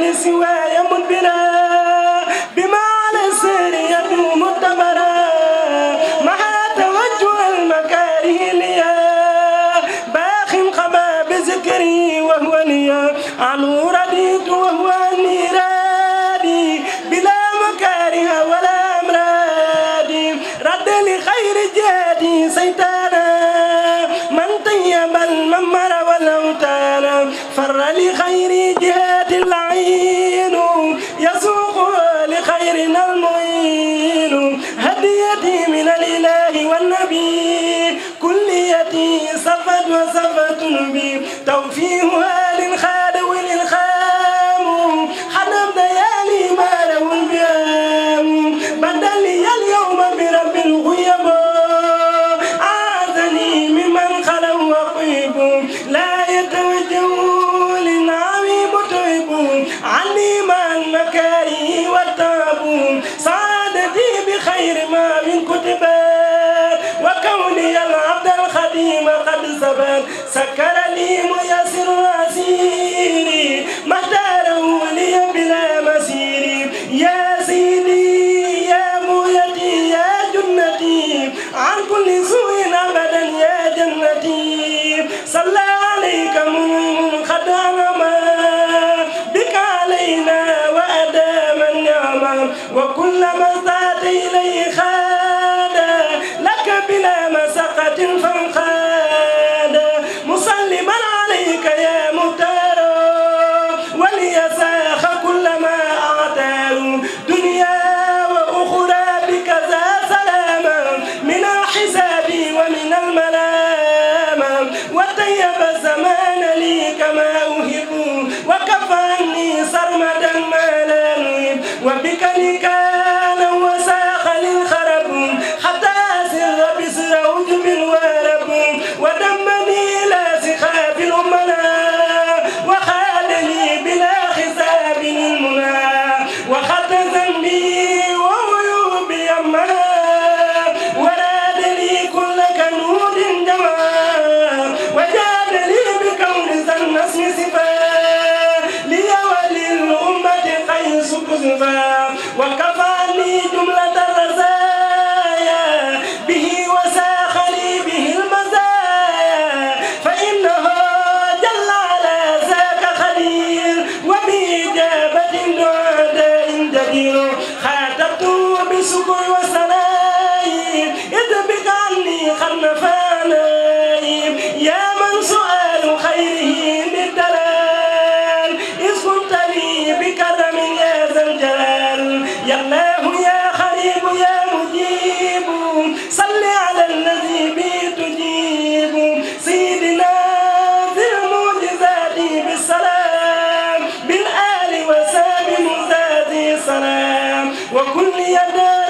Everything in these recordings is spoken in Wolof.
من سواي مدبرا بما على السرية متبرا مع توجه المكاره ليا باخ قبا بذكري وهو ليا علو رديت وهو نيرادي بلا مكاره ولا امرادي رد لخير جادي سيطان كليتي من الإله والنبي كليتي صفت وصفت بي توفيها قديم قد زبان سكر لي ميسر أسيري مختاره لي بلا مسير يا سيدي يا مويتي يا جنتي عن كل أحب الزمان لي كما أحب وكفى عني سرمدا ما لا نهب وبك لكي الحزبى وكفاني جملة الرزايا به وساخ لي به المزايا فإنه جل على ذاك خليل وبإجابة دعاء جدير خاطبت بسكون كل يدار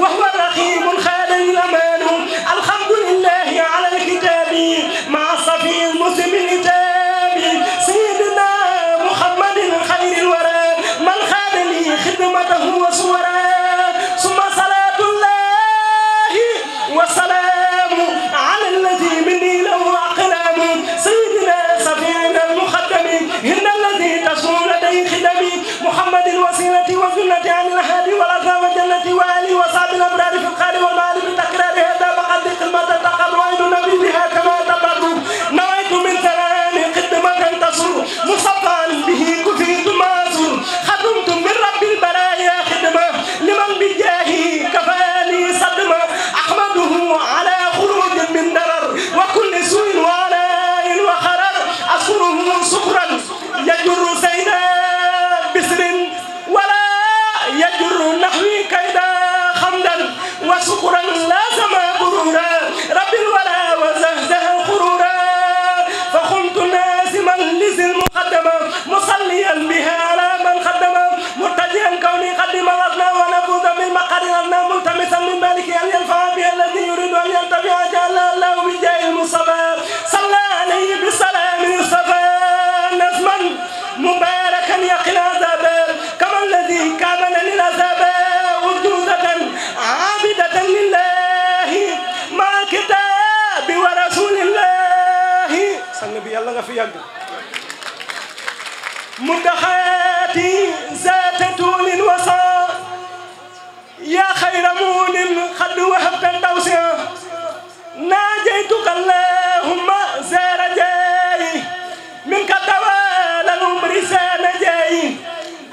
wax sang bi yàlla nga fi yàgg mudda xayaati zaata tuulin wasa yaa xayra muunin xad waxabta dawsiya naajaytuka allahumma zaara jaayi minka dawaala umri zaana jaayi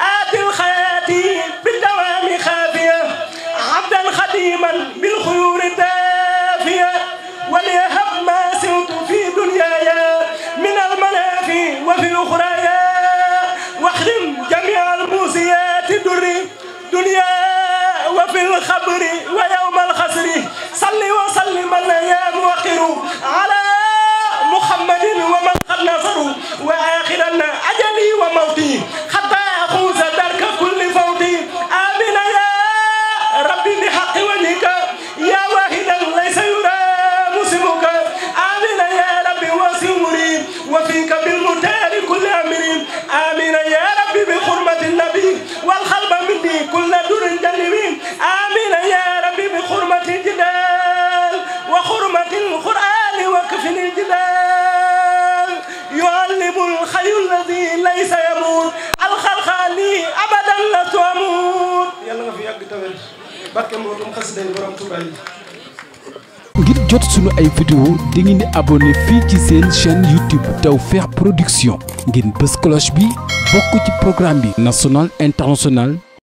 aatil xayaati bi dawaami xaafiya abdan xadiman واخرم جميع الموسيات دري دنيا وفي الخبر ويوم الخسر صل وسلم يا موقر على محمد ومن قد نصروا واخرا اجلي وموتي Mbàkke mboolum xasiday borom ngir jot sunu ay vidéo di ngeen di abonné fii ci seen chaîne YouTube feex Production ngeen bës cloche bi bokk ci programme bi national international